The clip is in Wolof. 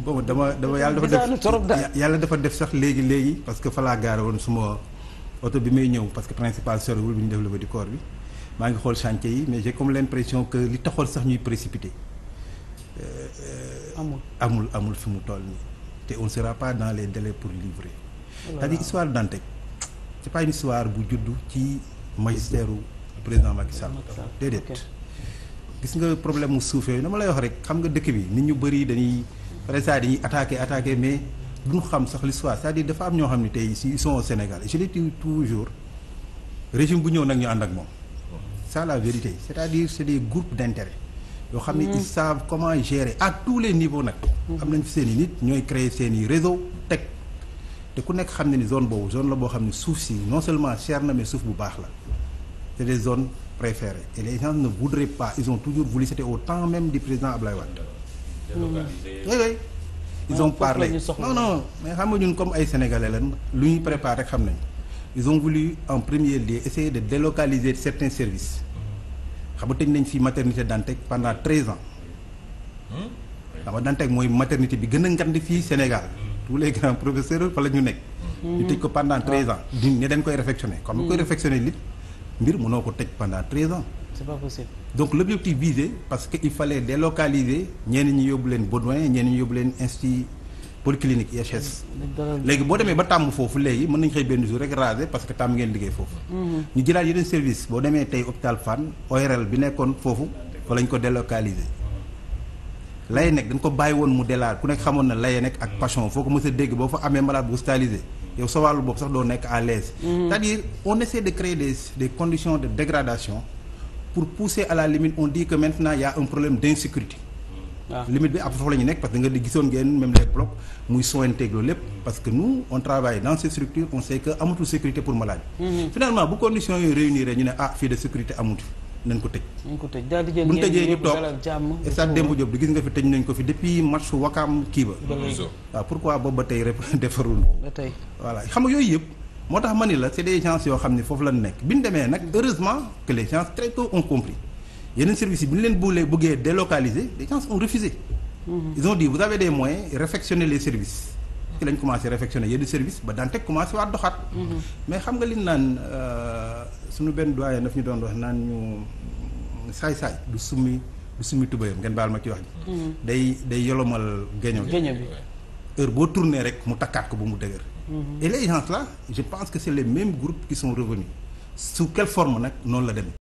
boobu dama dama yàlla dafa def yàlla dafa def sax léegi léegi parce que fa gaar gaare woon suma oto bi may ñëw parce que principal soriwul bi ñu def levée du corps bi maa ngi xool chantier yi mais j'ai comme l'impression que li taxoon sax ñuy précipité euh, amul amul amul fi mu toll nii te on sera pas dans les délais pour livrer oh c'est-à-dire histoire Dantec c'est histoire bu juddu ci magistère président Macky Sall déedéet gis nga problème mu suuf yooyu dama lay wax rek xam nga dëkk c'est-à-dire attaque attaqué attaqué mais duñu xam sax l'histoire c'est-à-dire dafa am ñoo xam ne tey si ils sont au Sénégal je l'ai dit toujours régime bu ñëw nag ñu ànd ak moom ça la vérité c'est-à-dire c'est des groupes d'intérêt yoo xam ne mm-hmm. ils savent comment gérer à tous les niveaux nag mm-hmm. am nañ fi seen i nit ñooy créer seen i réseau teg te ku nekk xam ne ni zone boobu zone la boo xam ne suuf si non seulement cher na mais suuf bu baax la c'est des zones préférées et les gens ne voudraient pas ils ont toujours voulu c'était au temps même Mmh. oui oui ils ont parlé non non mais xam nga ñun comme ay sénégalais lan lu ñuy préparé xam nañ ils ont voulu en premier lieu essayer de délocaliser certains service xam nga tëj nañ fi maternité Dantec pendant treize ans mmh. xam nga Dantec mooy maternité bi gën a ngand fii Sénégal mmh. tous les grands professeurs fa la ñu nekk ñu tëj ko pendant treize ans di ne dañ koy réfectionner comme koy réfectionner lit mbir mënoo ko tëj pendant treize ans c'est pas possible. donc l'objectif visé parce que il fallait délocaliser ñenn ñi yóbbu leen Baudouin ñeen ñi yóbbu leen institut polyclinique IHS. léegi boo demee ba tàmm foofu léegi mën nañ xëy benn jour rek raser parce que tàmm ngeen liggéey foofu. Mhm. ñu jëlaat yeneen service boo demee tey hôpital Fann ORL bi nekkoon foofu fa lañ ko délocaliser. lay nekk dañ ko bàyyi woon mu delaar ku nekk xamoon na lay nekk ak passion foo ko mës a dégg boo fa amee malade bu hospitalisé yow sa wàllu bopp sax doo nekk à l'aise mhm. on essaie des des conditions de dégradation. pour pousser à la limite on dit que maintenant il y a problème d'insécurité ah. bi après foofu la nekk parce que nga di gisoon ngeen même les blocs muy sointeeg loolu lépp parce que nous on travaille dans ces structures on que amatul sécurité pour malade mm -hmm. finalement bu conditions yooyu réunir ñu ne ah fii de sécurité amatu nañ ko tëj bu ñu tëjee ñu toog stade Demba Diop di gis nga fi tëj nañ ko fi depuis match Wakaam kii ba waaw pourquoi boobu ba tey rek moo tax ma ni la c'est des yoo xam ne foofu la nekk bi ñu demee nag heureusement que les très tôt ont compris yeneen services bi ñu leen buulee bëggee délocaliser les gens ont refusé. Mhm. ils ont dit vous avez des moyens réfectionner les services. ci lañ commencé réfectionner yenn service ba Dantec commencé waat doxaat. Mhm. mais xam nga li naan naan euh, suñu benn doyen daf ñu doon wax naan ñu saay-saay du summi du summi tubayam ngeen baal ma ci wax ji. Mhm. day day yolomal géño bi heure boo tourné rek mu takkaat ko ba mu dëgër. Mhm. et les la je pense que c'est les mêmes groupes qui sont revenus sous quelle forme nag noonu la dem